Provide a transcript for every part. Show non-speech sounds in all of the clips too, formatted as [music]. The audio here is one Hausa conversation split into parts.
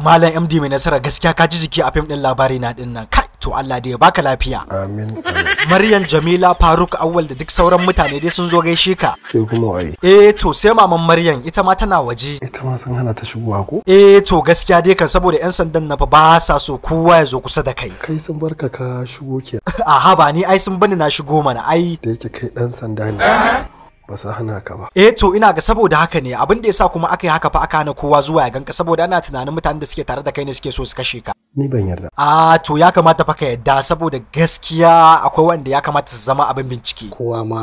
malam md mai nasara gaskiya ka ji jiki a fim din labari na din nan kai to Allah da ya baka lafiya amin maryam jamila faruk awwal da duk sauran mutane dai sun zo gaishe ka sai kuma waye eh to sai maman maryam ita ma tana waje ita ma sun hana ta shigowa ko eh to gaskiya dai kan saboda yan sandan na fa ba sa so kowa ya zo kusa da kai kai sun barka ka shigo kenan [laughs] aha ba ni ai sun bani na shigo mana ai da yake kai dan sanda ne ba su hana ka ba eh to ina ga saboda haka ne abin da yasa kuma aka yi haka fa aka hana kowa zuwa ya ganka saboda ana tunanin mutanen da suke tare da kai ne suke so su kashe ka ni ban yarda Ah to ya kamata fa ka yarda saboda gaskiya akwai wanda ya kamata su zama abin bincike kowa ma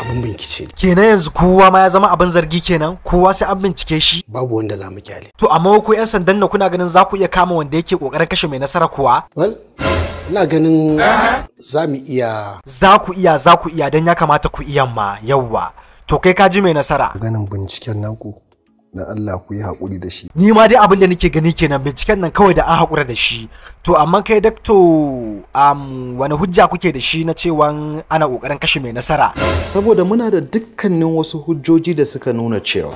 abin bincike kenan yanzu kowa ma ya zama abin zargi kenan kowa sai an bincike shi babu wanda za mu kyale to amma ko yan sandan na kuna ganin za ku iya kama wanda yake kokarin kashe mai nasara kuwa well ina ganin za mu iya za ku iya za ku iya don ya kamata ku iya ma yawwa to kai ka ji mai nasara ganin binciken naku na Allah ku yi hakuri da shi ni ma dai abin da nake gani kenan binciken nan kawai da an hakura da shi to amma kai dakto am wani hujja kuke da shi na cewa ana kokarin kashe mai nasara saboda muna da dukkanin wasu hujjoji da suka nuna cewa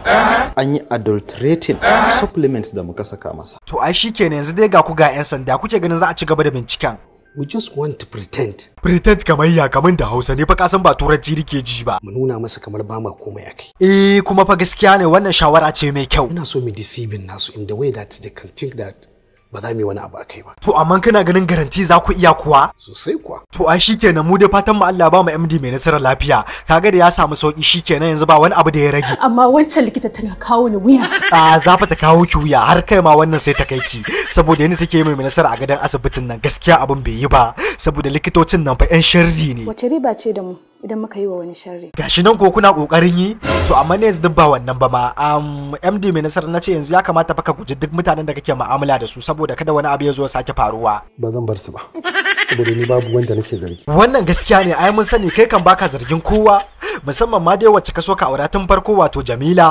an yi adulterating supplements da muka saka masa to ai shikenan yanzu dai ga ku ga 'yan sanda kuke ganin za a ci gaba da binciken we just want to pretend pretend kamar ya kamar da hausa ne fa kasan ba turanci ke ji ba mu nuna masa kamar ba ma komai akai eh kuma fa gaskiya ne wannan shawara ce mai kyau ina so mu deceiving nasu in the way that they can think that ba za mu yi wani abu akai ba to amma kana ganin garanti za ku iya kuwa sosai kuwa to a shikenan mu da fatan mu Allah ba mu MD mai nasarar lafiya kaga da ya samu sauki shikenan yanzu ba wani abu da ya rage amma wancan likita tana kawo ni wuya a za fa ta kawo ki wuya har kai ma wannan sai ta kai ki saboda yadda take mai nasara a gadon asibitin nan gaskiya abin bai yi ba saboda likitocin nan fa yan sharri ne wace riba ce da mu idan muka yi wa wani sharri. Gashi nan ko kuna kokarin yi? To amma ne yanzu duk ba wannan ba ma. Um, MD Minister na ce yanzu ya kamata fa ka guji duk mutanen da kake mu'amala da su saboda kada wani abu ya zo sake faruwa. Ba zan bar su ba. Saboda ni babu wanda nake zargi. Wannan gaskiya ne ai mun sani kai kan baka zargin kowa musamman ma dai wacce ka so ka aura tun farko wato Jamila.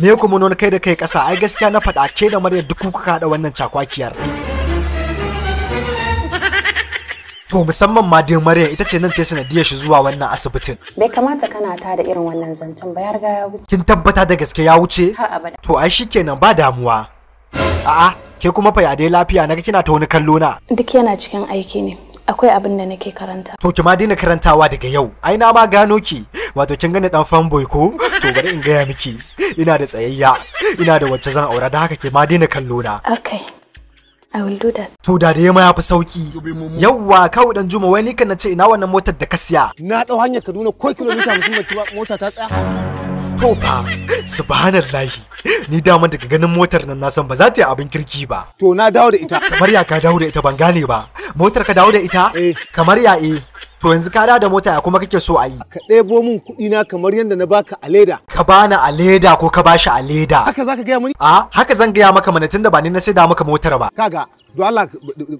Me kuma non kai da kai kasa ai gaskiya na faɗa ke da Maryam duk kuka haɗa wannan cakwakiyar. to musamman ma dai Maryam ita ce nan ta sanadiyar shi zuwa wannan asibitin bai kamata kana ta da irin wannan zancen ba ya riga ya wuce kin tabbata da gaske ya wuce har abada to ai shikenan ba damuwa a'a ke kuma fa ya dai lafiya naga kina ta wani kallo na duk yana cikin aiki ne akwai abin da nake karanta to ki ma daina karantawa daga yau ai na ma gano ki wato kin gani dan fanboy ko to bari in gaya miki ina da tsayayya ina da wacce zan aura da haka ke ma daina kallo na okay I will do that. To da da yamma yafi sauki. Yawwa kawu dan Juma wai ni kana ce ina wannan motar da ka siya. Na dau hanyar Kaduna ko kilomita 50 mota ta tsaya. To fa, subhanallahi. Ni dama daga ganin motar nan na san ba za ta yi abin kirki ba. To na dawo da ita. Kamar ya ka dawo da ita ban gane ba. Motar ka dawo da ita? Eh. Kamar ya e To yanzu ka da mota ya kuma kake so a yi. Ka ɗebo min kuɗi na kamar yadda na baka a leda. Ka bani a leda ko ka bashi a leda. Haka zaka gaya mani? A ah, haka zan gaya maka mana tunda ba ni na saida maka motar ba. Kaga don Allah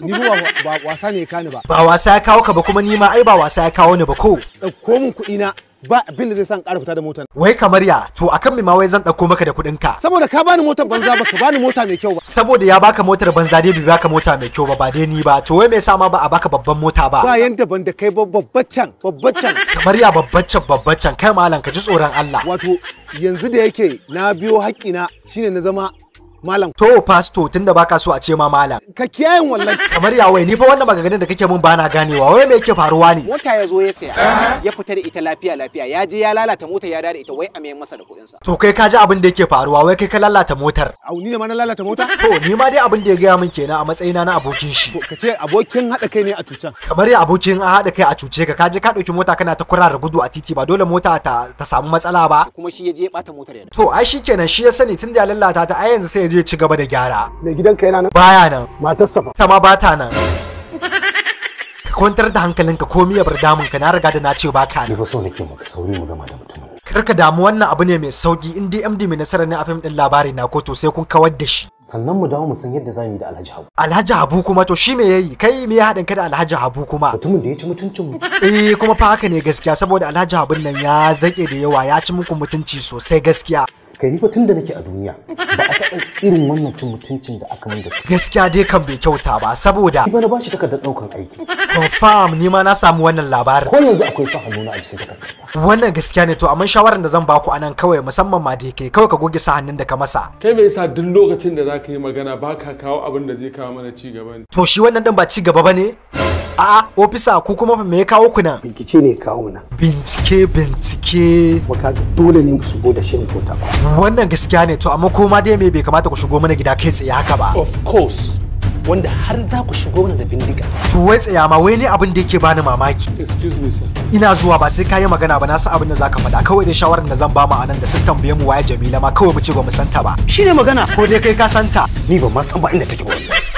ni ba wasa ne ya ni ba. Ba wasa ya kawo ka ba kuma ni ma ai ba wasa ya kawo ni ba ko. Ɗauko min kuɗi na ba abin da zai san ƙara fita da motar wai kamar ya to akan me ma wai zan dauko maka da kuɗin ka saboda ka bani motar banza ba ka bani mota mai kyau ba saboda ya baka motar banza dai bai baka mota mai kyau ba ba dai ni ba to wai me yasa ma ba a baka babban mota ba ba yanda ban da kai ba babban can. kamar ya babbacan can. kai malam ka ji tsoron Allah wato yanzu da yake na biyo haƙƙina shine na zama malam to pasto tunda baka so a ce ma malam ka kiyayen wallahi kamar ya wai ni fa wannan maganganun da kake mun bana ganewa wai me yake faruwa ne mota ya zo ya saya ya fita da ita lafiya lafiya ya je ya lalata mota ya dare ita wai a mai masa da kuɗin sa to kai ka ji abin da yake faruwa wai kai ka lalata motar au ni ne ma na lalata mota to ni ma dai abin da ya gaya min kenan a matsayina na abokin shi ka ce abokin hada kai ne a cucan kamar ya abokin a hada kai a cuce ka je ka dauki mota kana ta kurar gudu a titi ba dole mota ta samu matsala ba kuma shi ya je ya bata motar ya to ai shikenan shi ya sani tunda ya lalata ta ai yanzu sai je ci gaba da gyara mai gidanka yana nan baya nan matarsa ba sama ba ta nan ka kwantar da hankalinka komai ya bar damun ka na riga da na ce ba ka ni ba so nake maka sauri mu gama da mutumin karka damu wannan abu ne mai sauki in DMD mai nasara ne a fim din labari na ko to sai kun kawar da shi sannan mu dawo mu san yadda zamu yi da Alhaji Habu Alhaji Habu kuma to shi me yayi kai me ya hadin ka da Alhaji Habu kuma mutumin da ya ci mutuncin mu eh kuma fa haka ne gaskiya saboda Alhaji habu nan ya zake da yawa ya ci muku mutunci sosai gaskiya kai tun da nake a duniya ba a taɓa irin wannan cin mutuncin da aka min da gaskiya dai kan bai kyauta ba saboda ni ba na ba shi takardar ɗaukar aiki confirm ni ma na samu wannan labarin ko yanzu akwai sa hannuna a jikin takardarsa wannan gaskiya ne to amma shawaran da zan baku anan kawai musamman ma dai kai kawai ka goge sa hannun da ka masa kai me yasa duk lokacin da zaka yi magana baka kawo abin da zai kawo mana ci gaba to shi wannan din ba ci gaba ne? A'a, ofisa ku kuma me ya kawo ku nan bincike ne kawo na bincike bincike maka dole ne su shigo da shirin ta wannan gaskiya ne to amma ma dai me bai kamata ku shigo mana gida kai tsaye haka ba of course wanda har za ku shigo mana da bindiga. To wai tsaya ma wai ne abin da yake bani mamaki. Excuse me sir. Ina zuwa ba sai kayi magana ba na san abin da zaka faɗa kawai dai shawaran da zan ba mu anan da sun tambaye mu waye Jamila ma kawai mu ce ba mu santa ba. Shine magana. Ko dai kai ka santa. Ni ba ma san ba inda take ba.